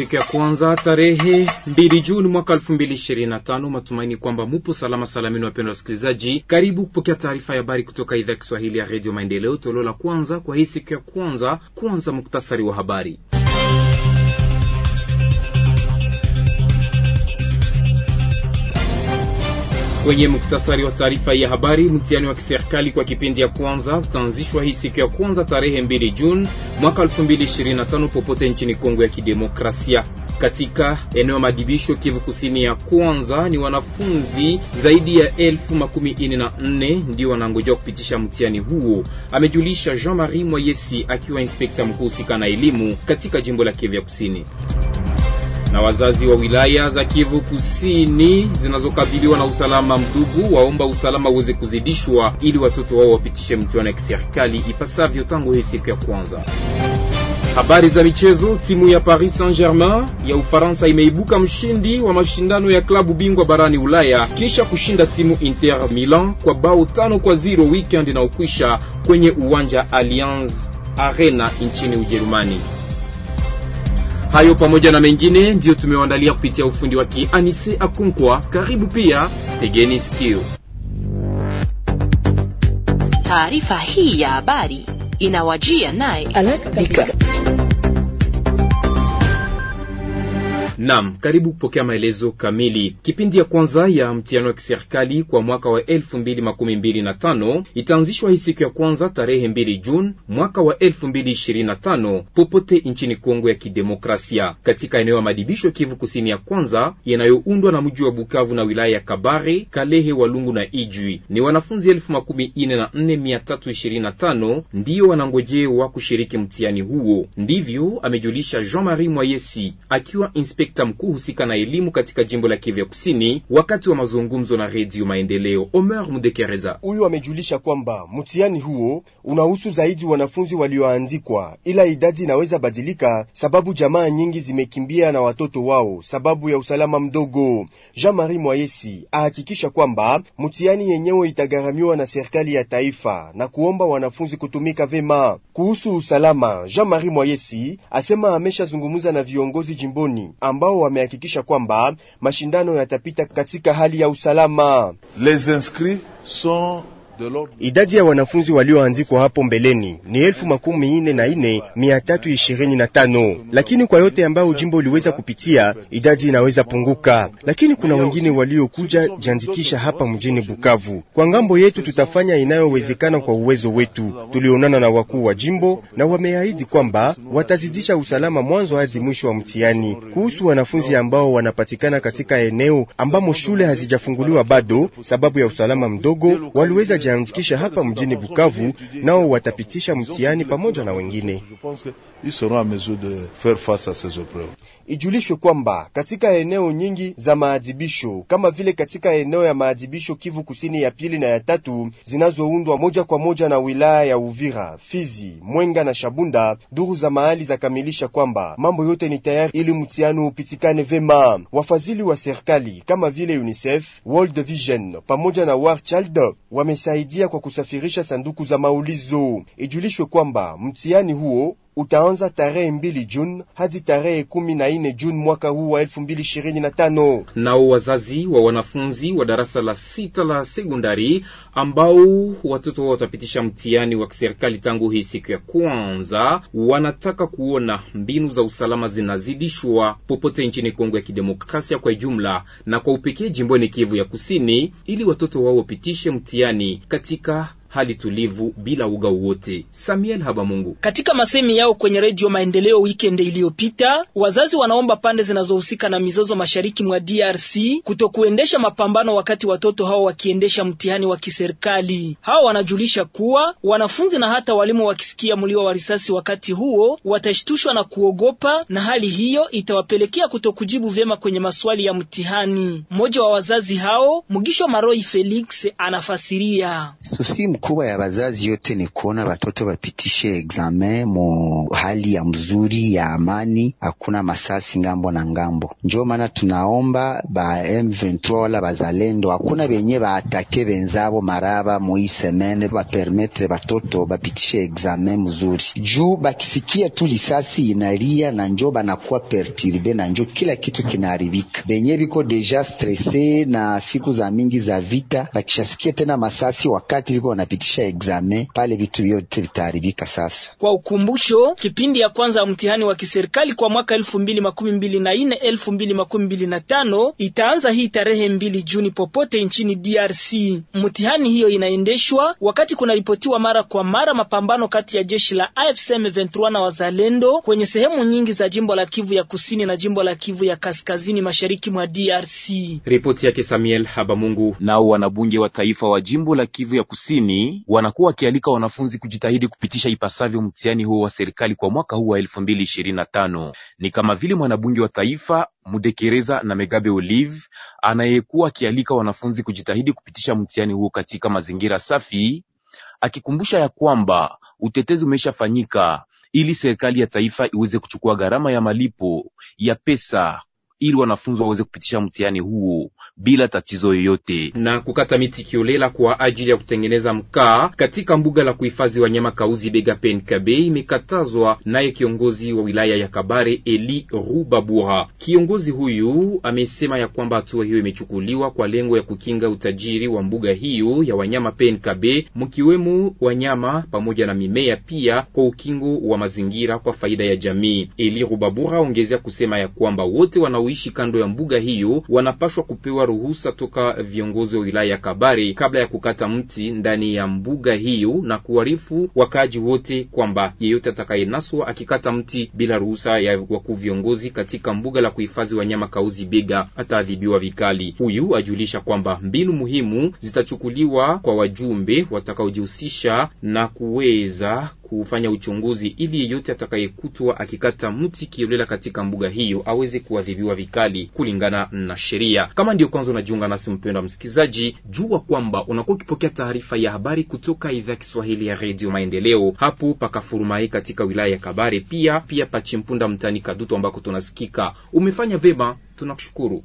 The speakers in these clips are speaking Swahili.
siku ya kwanza tarehe 2 Juni mwaka 2025. Matumaini kwamba mupo salama salamini, wapendwa wasikilizaji, karibu kupokea taarifa ya habari kutoka idhaa ya Kiswahili ya Radio Maendeleo, toleo la kwanza kwa hii siku ya kwanza. Kwanza muktasari wa habari. Kwenye muktasari wa taarifa ya habari, mtihani wa kiserikali kwa kipindi ya kwanza utaanzishwa hii siku ya kwanza tarehe 2 Juni mwaka 2025 popote nchini Kongo ya Kidemokrasia. Katika eneo ya madibisho Kivu Kusini ya kwanza, ni wanafunzi zaidi ya elfu makumi ine na nne ndio wanangojewa kupitisha mtihani huo, amejulisha Jean-Marie Mwayesi akiwa inspekta mkuu husika na elimu katika jimbo la Kivu ya Kusini na wazazi wa wilaya za Kivu Kusini zinazokabiliwa na usalama mdugu waomba usalama uweze kuzidishwa ili watoto wao wapitishe mtihani ya kiserikali ipasavyo tangu hii siku ya kwanza. Habari za michezo. Timu ya Paris Saint-Germain ya Ufaransa imeibuka mshindi wa mashindano ya klabu bingwa barani Ulaya kisha kushinda timu Inter Milan kwa bao tano kwa zero weekend ukwisha kwenye uwanja Allianz Arena nchini Ujerumani. Hayo pamoja na mengine ndiyo tumewaandalia kupitia ufundi wa Kianise Akunkwa. Karibu pia, tegeni sikio. Taarifa hii ya habari inawajia naye Naam, karibu kupokea maelezo kamili. Kipindi ya kwanza ya mtihano wa kiserikali kwa mwaka wa 2025 itaanzishwa hii siku ya kwanza tarehe 2 Juni mwaka wa 2025 popote nchini Kongo ya Kidemokrasia, katika eneo ya madibisho Kivu Kusini ya kwanza yanayoundwa na mji wa Bukavu na wilaya ya Kabare, Kalehe, Walungu na Ijwi. Ni wanafunzi elfu ndio ndiyo wanangojewa kushiriki mtihani huo, ndivyo amejulisha Jean Marie Mwayesi akiwa inspekta inspekta mkuu husika na elimu katika jimbo la Kivu Kusini wakati wa mazungumzo na Redio Maendeleo. Omer Mudekereza huyu amejulisha kwamba mtihani huo unahusu zaidi wanafunzi walioanzikwa, ila idadi inaweza badilika sababu jamaa nyingi zimekimbia na watoto wao sababu ya usalama mdogo. Jean Marie Mwayesi ahakikisha kwamba mtihani yenyewe itagharamiwa na serikali ya taifa na kuomba wanafunzi kutumika vema. Kuhusu usalama, Jean Marie Mwayesi asema ameshazungumza na viongozi jimboni amb ambao wamehakikisha kwamba mashindano yatapita katika hali ya usalama. Les inscrits sont Idadi ya wanafunzi walioanzikwa hapo mbeleni ni elfu makumi ine na ine mia tatu ishirini na tano, lakini kwa yote ambayo jimbo uliweza kupitia idadi inaweza punguka, lakini kuna wengine waliokuja jiandikisha hapa mjini Bukavu. Kwa ngambo yetu tutafanya inayowezekana kwa uwezo wetu. Tulionana na wakuu wa jimbo na wameahidi kwamba watazidisha usalama mwanzo hadi mwisho wa mtihani. Kuhusu wanafunzi ambao wanapatikana katika eneo ambamo shule hazijafunguliwa bado sababu ya usalama mdogo, waliweza watajiandikisha hapa mjini Bukavu, nao watapitisha mtihani pamoja na wengine. Ijulishwe kwamba katika eneo nyingi za maadhibisho kama vile katika eneo ya maadhibisho Kivu Kusini ya pili na ya tatu zinazoundwa moja kwa moja na wilaya ya Uvira, Fizi, Mwenga na Shabunda, duru za mahali zakamilisha kwamba mambo yote ni tayari ili mtihani upitikane vema. Wafadhili wa serikali kama vile UNICEF, World Vision pamoja na War Child wamesa kusaidia kwa kusafirisha sanduku za maulizo. Ijulishwe kwamba mtihani huo utaanza tarehe mbili Juni hadi tarehe kumi na nne Juni mwaka huu wa elfu mbili ishirini na tano. Nao wazazi wa wanafunzi wa darasa la sita la sekondari ambao watoto wao watapitisha mtihani wa kiserikali tangu hii siku ya kwanza, wanataka kuona mbinu za usalama zinazidishwa popote nchini Kongo ya Kidemokrasia kwa jumla na kwa upekee jimboni Kivu ya Kusini, ili watoto wao wapitishe mtihani katika hali tulivu bila uga wote. Samuel Habamungu katika masemi yao kwenye redio Maendeleo weekend iliyopita, wazazi wanaomba pande zinazohusika na mizozo mashariki mwa DRC kutokuendesha mapambano wakati watoto hao wakiendesha mtihani wa kiserikali. Hao wanajulisha kuwa wanafunzi na hata walimu wakisikia mlio wa risasi wakati huo watashtushwa na kuogopa, na hali hiyo itawapelekea kutokujibu vyema kwenye maswali ya mtihani. Mmoja wa wazazi hao Mugisho Maroi Felix anafasiria Susimu mkubwa ya wazazi yote ni kuona watoto wapitishe examen mu hali ya mzuri ya amani, hakuna masasi ngambo na ngambo. Njo maana tunaomba ba M23 wala bazalendo, hakuna benye baatake benzabo maraba muisemene, bapermetre batoto bapitishe examen mzuri, juu bakisikia tu lisasi inalia na njo banakuwa perturbe na njo kila kitu kinaharibika. Benye biko deja stresse na siku za mingi za vita, bakishasikia tena masasi wakati biko na tunapitisha examen pale, vitu vyote vitaharibika. Sasa kwa ukumbusho, kipindi ya kwanza ya mtihani wa kiserikali kwa mwaka elfu mbili makumi mbili na nne elfu mbili makumi mbili na tano itaanza hii tarehe mbili Juni popote nchini DRC. Mtihani hiyo inaendeshwa wakati kunaripotiwa mara kwa mara mapambano kati ya jeshi la AFC M23 na wazalendo kwenye sehemu nyingi za jimbo la Kivu ya kusini na jimbo la Kivu ya kaskazini mashariki mwa DRC. Ripoti yake Samuel Habamungu. Nao wanabunge wa taifa wa jimbo la Kivu ya kusini mtihani, wanakuwa wakialika wanafunzi kujitahidi kupitisha ipasavyo mtihani huo wa serikali kwa mwaka huu wa elfu Ni kama vile mwanabunge wa taifa Mudekereza na Megabe Olive anayekuwa akialika wanafunzi kujitahidi kupitisha mtihani huo katika mazingira safi, akikumbusha ya kwamba utetezi umeshafanyika ili serikali ya taifa iweze kuchukua gharama ya malipo ya pesa ili wanafunzi waweze kupitisha mtihani huo bila tatizo yoyote. Na kukata miti kiolela kwa ajili ya kutengeneza mkaa katika mbuga la kuhifadhi wanyama Kauzi Bega PNKB imekatazwa naye kiongozi wa wilaya ya Kabare Eli Rubabura. Kiongozi huyu amesema ya kwamba hatua hiyo imechukuliwa kwa lengo ya kukinga utajiri wa mbuga hiyo ya wanyama PNKB, mkiwemo wanyama pamoja na mimea, pia kwa ukingo wa mazingira kwa faida ya jamii. Eli Rubabura ongezea kusema ya kwamba wote wana wanaoishi kando ya mbuga hiyo wanapashwa kupewa ruhusa toka viongozi wa wilaya ya Kabare kabla ya kukata mti ndani ya mbuga hiyo na kuarifu wakaaji wote kwamba yeyote atakayenaswa akikata mti bila ruhusa ya wakuu viongozi katika mbuga la kuhifadhi wanyama Kauzi Biega ataadhibiwa vikali. Huyu ajulisha kwamba mbinu muhimu zitachukuliwa kwa wajumbe watakaojihusisha na kuweza kufanya uchunguzi ili yeyote atakayekutwa akikata mti kiolela katika mbuga hiyo aweze kuadhibiwa vikali kulingana na sheria. Kama ndio kwanza unajiunga nasi, wa msikilizaji, jua kwamba unakuwa ukipokea taarifa ya habari kutoka idhaa Kiswahili ya Redio Maendeleo hapo pakafurumai katika wilaya ya Kabare, pia pia pachimpunda mtani Kadutu ambako tunasikika. Umefanya vema, tunakushukuru.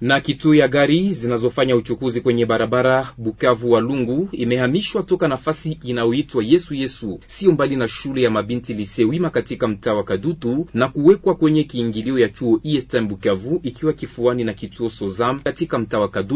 na kituo ya gari zinazofanya uchukuzi kwenye barabara Bukavu wa Lungu imehamishwa toka nafasi inayoitwa Yesu Yesu sio mbali na shule ya mabinti Lisewima katika mtaa wa Kadutu na kuwekwa kwenye kiingilio ya chuo Eastern Bukavu ikiwa kifuani na kituo Sozam katika mtaa wa Kadutu.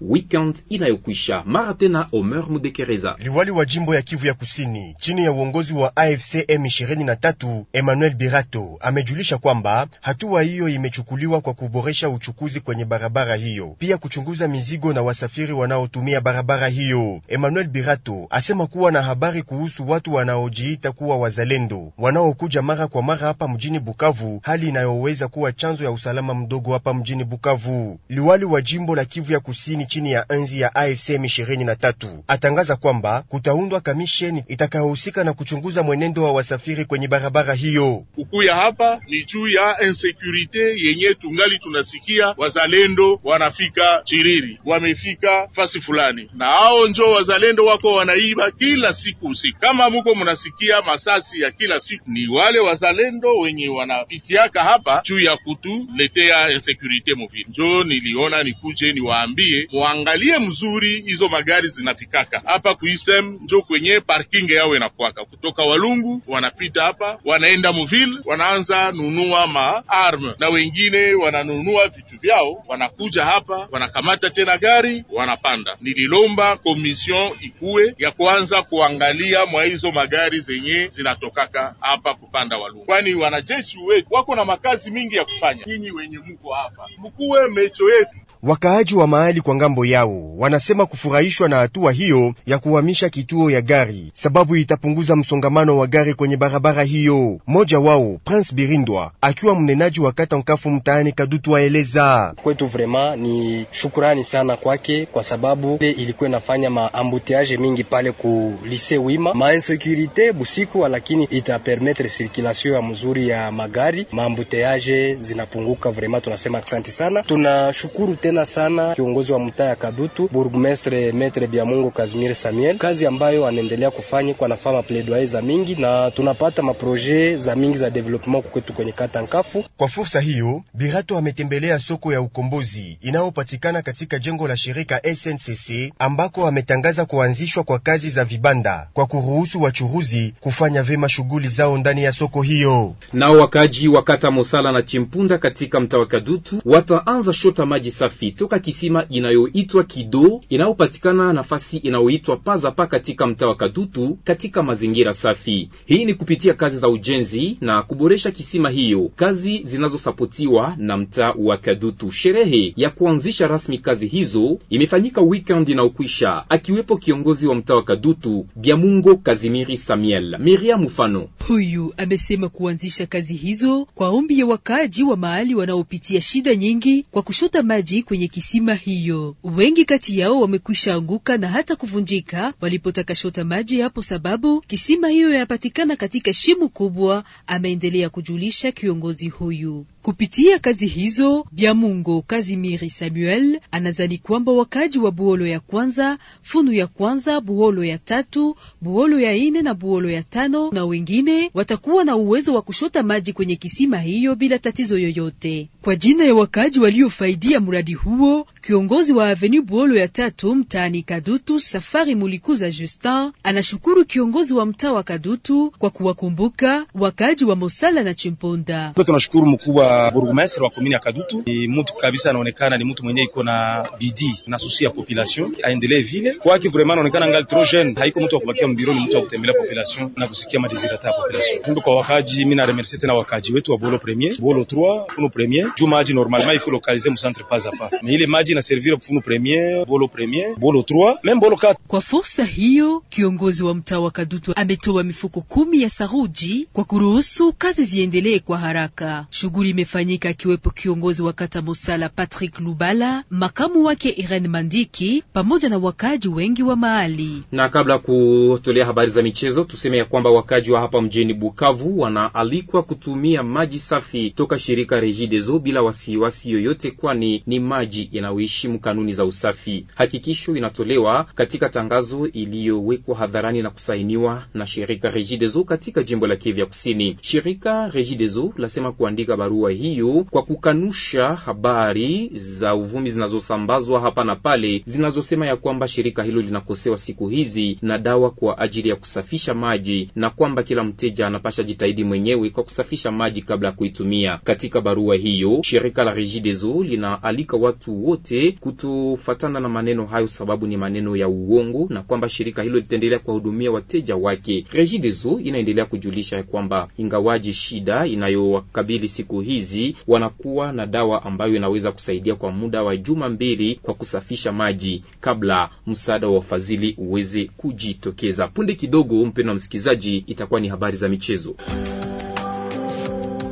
Weekend inayokwisha mara tena, Omer Mudekereza, liwali wa jimbo ya Kivu ya Kusini chini ya uongozi wa AFC M23 Emmanuel Birato amejulisha kwamba hatua hiyo imechukuliwa kwa kuboresha uchukuzi kwenye barabara barabara hiyo, pia kuchunguza mizigo na wasafiri wanaotumia barabara hiyo. Emmanuel Birato asema kuwa na habari kuhusu watu wanaojiita kuwa wazalendo wanaokuja mara kwa mara hapa mjini Bukavu, hali inayoweza kuwa chanzo ya usalama mdogo hapa mjini Bukavu. Liwali wa jimbo la Kivu ya Kusini chini ya enzi ya AFC M23 atangaza kwamba kutaundwa kamisheni itakayohusika na kuchunguza mwenendo wa wasafiri kwenye barabara hiyo. Ukuya hapa ni juu ya insecurity yenye tungali tunasikia wazalendo wazalendo wanafika Chiriri, wamefika fasi fulani, na hao njo wazalendo wako wanaiba kila siku usiku. Kama muko munasikia masasi ya kila siku, ni wale wazalendo wenye wanapitiaka hapa juu ya kutuletea insecurity movili. Njo niliona nikuje niwaambie, muangalie mzuri hizo magari zinafikaka hapa kuistem, njo kwenye parking yao inakwaka kutoka Walungu, wanapita hapa wanaenda muvile, wanaanza nunua maarme na wengine wananunua vitu vyao wana wanakuja hapa wanakamata tena gari wanapanda. Nililomba komision ikuwe ya kuanza kuangalia mwa hizo magari zenye zinatokaka hapa kupanda Walungu, kwani wanajeshi wetu wako na makazi mingi ya kufanya. Nyinyi wenye muko hapa mkuwe mecho yetu Wakaaji wa mahali kwa ngambo yao wanasema kufurahishwa na hatua hiyo ya kuhamisha kituo ya gari, sababu itapunguza msongamano wa gari kwenye barabara hiyo. Mmoja wao Prince Birindwa, akiwa mnenaji wa kata Nkafu mtaani Kadutu, aeleza kwetu. Vrema ni shukurani sana kwake kwa sababu ile ilikuwa inafanya maambuteage mingi pale ku lise wima mainsekurite busiku, lakini itapermetre sirkulasio ya mzuri ya magari, maambuteage zinapunguka. Vrema tunasema asante sana, tunashukuru tena sana kiongozi wa mtaa ya Kadutu, burgmestre Metre Biamungu Kazimir Samuel, kazi ambayo anaendelea kufanya kwa nafama mapledoye za mingi na tunapata maproje za mingi za development kwetu kwenye kata Nkafu. Kwa fursa hiyo, Birato ametembelea soko ya ukombozi inayopatikana katika jengo la shirika SNCC ambako ametangaza kuanzishwa kwa kazi za vibanda kwa kuruhusu wachuruzi kufanya vema shughuli zao ndani ya soko hiyo. Nao wakaji wa kata Mosala na Chimpunda katika mtaa wa Kadutu wataanza shota maji safi safi toka kisima inayoitwa Kido inayopatikana nafasi inayoitwa Pazapa katika mtaa wa Kadutu katika mazingira safi. Hii ni kupitia kazi za ujenzi na kuboresha kisima hiyo, kazi zinazosapotiwa na mtaa wa Kadutu. Sherehe ya kuanzisha rasmi kazi hizo imefanyika weekend ukwisha, akiwepo kiongozi wa mtaa wa Kadutu Biamungo Kazimiri Samuel Miriam Mufano. Huyu amesema kuanzisha kazi hizo kwa ombi ya wakaaji wa mahali wanaopitia shida nyingi kwa kushota maji kwenye kisima hiyo. Wengi kati yao wamekwisha anguka na hata kuvunjika walipotaka shota maji hapo, sababu kisima hiyo yanapatikana katika shimu kubwa, ameendelea kujulisha kiongozi huyu. Kupitia kazi hizo, Byamungo Kazimiri Samuel anazani kwamba wakaji wa Buholo ya kwanza, Funu ya kwanza, Buholo ya tatu, Buholo ya ine na Buholo ya tano na wengine watakuwa na uwezo wa kushota maji kwenye kisima hiyo bila tatizo yoyote. Kwa jina ya wakaji waliofaidia mradi huo, kiongozi wa Avenue Buolo ya tatu mtaani Kadutu, Safari Mulikuza Justin, anashukuru kiongozi wa mtaa wa Kadutu kwa kuwakumbuka wakaji wa Mosala na Chimponda. Tunashukuru mkubwa burgomestre wa komini ya Kadutu, ni mtu kabisa, anaonekana ni mtu mwenye iko na bidii na susi ya population, aendelee vile kwake. Vraiment anaonekana ngali trop jeune, haiko mtu wa kubakia mbiro, ni mtu wa kutembelea population na kusikia madesirata ya population. Kumbe kwa wakaji, mimi na remercier tena wakaji wetu wa buolo Premier, buolo 3 Funo Premier juu maji normalement iko lokalize mu centre pas a pas ni ile maji inaservira kufunu premier, bolo premier, bolo 3 même bolo 4. Kwa fursa hiyo kiongozi wa mtaa wa Kadutu ametoa mifuko kumi ya saruji kwa kuruhusu kazi ziendelee kwa haraka. Shughuli imefanyika akiwepo kiongozi wa kata Mosala Patrick Lubala, makamu wake Irene Mandiki pamoja na wakaji wengi wa mahali. Na kabla kutolea habari za michezo, tuseme ya kwamba wakaji wa hapa mjini Bukavu wanaalikwa kutumia maji safi toka shirika Regideso bila wasiwasi yoyote, kwani ni maji inayoheshimu kanuni za usafi. Hakikisho inatolewa katika tangazo iliyowekwa hadharani na kusainiwa na shirika Regideso katika jimbo la Kivu ya Kusini. Shirika Regideso lasema kuandika barua hiyo kwa kukanusha habari za uvumi zinazosambazwa hapa na pale zinazosema ya kwamba shirika hilo linakosewa siku hizi na dawa kwa ajili ya kusafisha maji na kwamba kila mteja anapasha jitahidi mwenyewe kwa kusafisha maji kabla ya kuitumia. Katika barua hiyo shirika la Regideso linaalika watu wote kutofatana na maneno hayo, sababu ni maneno ya uongo na kwamba shirika hilo litaendelea kuwahudumia wateja wake. Regideso inaendelea kujulisha kwamba ingawaji shida inayowakabili siku hizi, wanakuwa na dawa ambayo inaweza kusaidia kwa muda wa juma mbili kwa kusafisha maji kabla msaada wa fadhili uweze kujitokeza. Punde kidogo, mpendwa msikilizaji, itakuwa ni habari za michezo.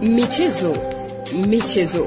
Michezo, michezo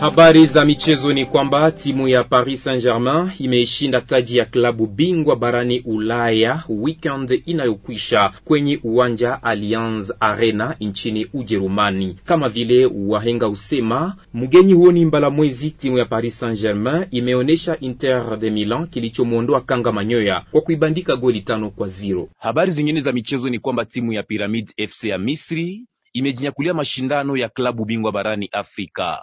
Habari za michezo ni kwamba timu ya Paris Saint-Germain imeshinda taji ya klabu bingwa barani Ulaya weekend inayokwisha kwenye uwanja Allianz Arena nchini Ujerumani. Kama vile wahenga usema mgeni huo ni mbala mwezi. Timu ya Paris Saint-Germain imeonyesha Inter de Milan kilichomwondoa kanga manyoya kwa kuibandika goli tano kwa zero. Habari zingine za michezo ni kwamba timu ya Pyramid FC ya Misri imejinyakulia mashindano ya klabu bingwa barani Afrika.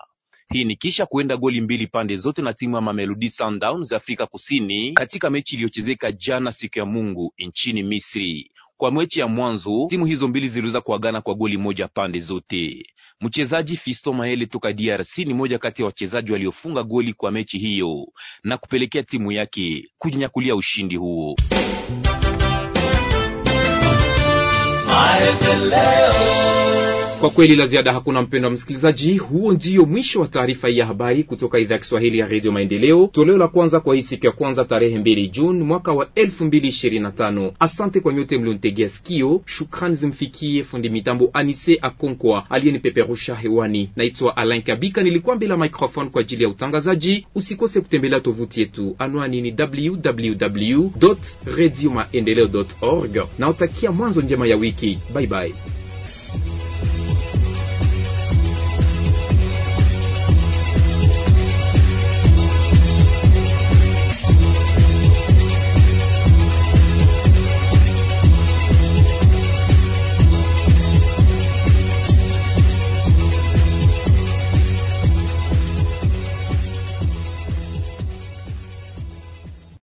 Hii ni kisha kuenda goli mbili pande zote na timu ya Mamelodi Sundowns Afrika Kusini katika mechi iliyochezeka jana siku ya Mungu nchini Misri. Kwa mechi ya mwanzo timu hizo mbili ziliweza kuagana kwa goli moja pande zote. Mchezaji Fisto Maele toka DRC ni moja kati ya wachezaji waliofunga goli kwa mechi hiyo na kupelekea timu yake kujinyakulia ushindi huo. Maendeleo. Kwa kweli la ziada hakuna, mpendo wa msikilizaji, huo ndio mwisho wa taarifa hii ya habari kutoka idhaa ya Kiswahili ya Redio Maendeleo, toleo la kwanza kwa hii siku ya kwanza tarehe 2 Juni mwaka wa 2025. Asante kwa nyote mliontegea sikio. Shukrani zimfikie fundi mitambo Anise Akonkwa aliyenipeperusha hewani. Naitwa Alain Kabika, nilikuwa mbele ya microphone kwa ajili ya utangazaji. Usikose kutembelea tovuti yetu, anwani ni www.radiomaendeleo.org. Naotakia mwanzo njema ya wiki. Bye bye.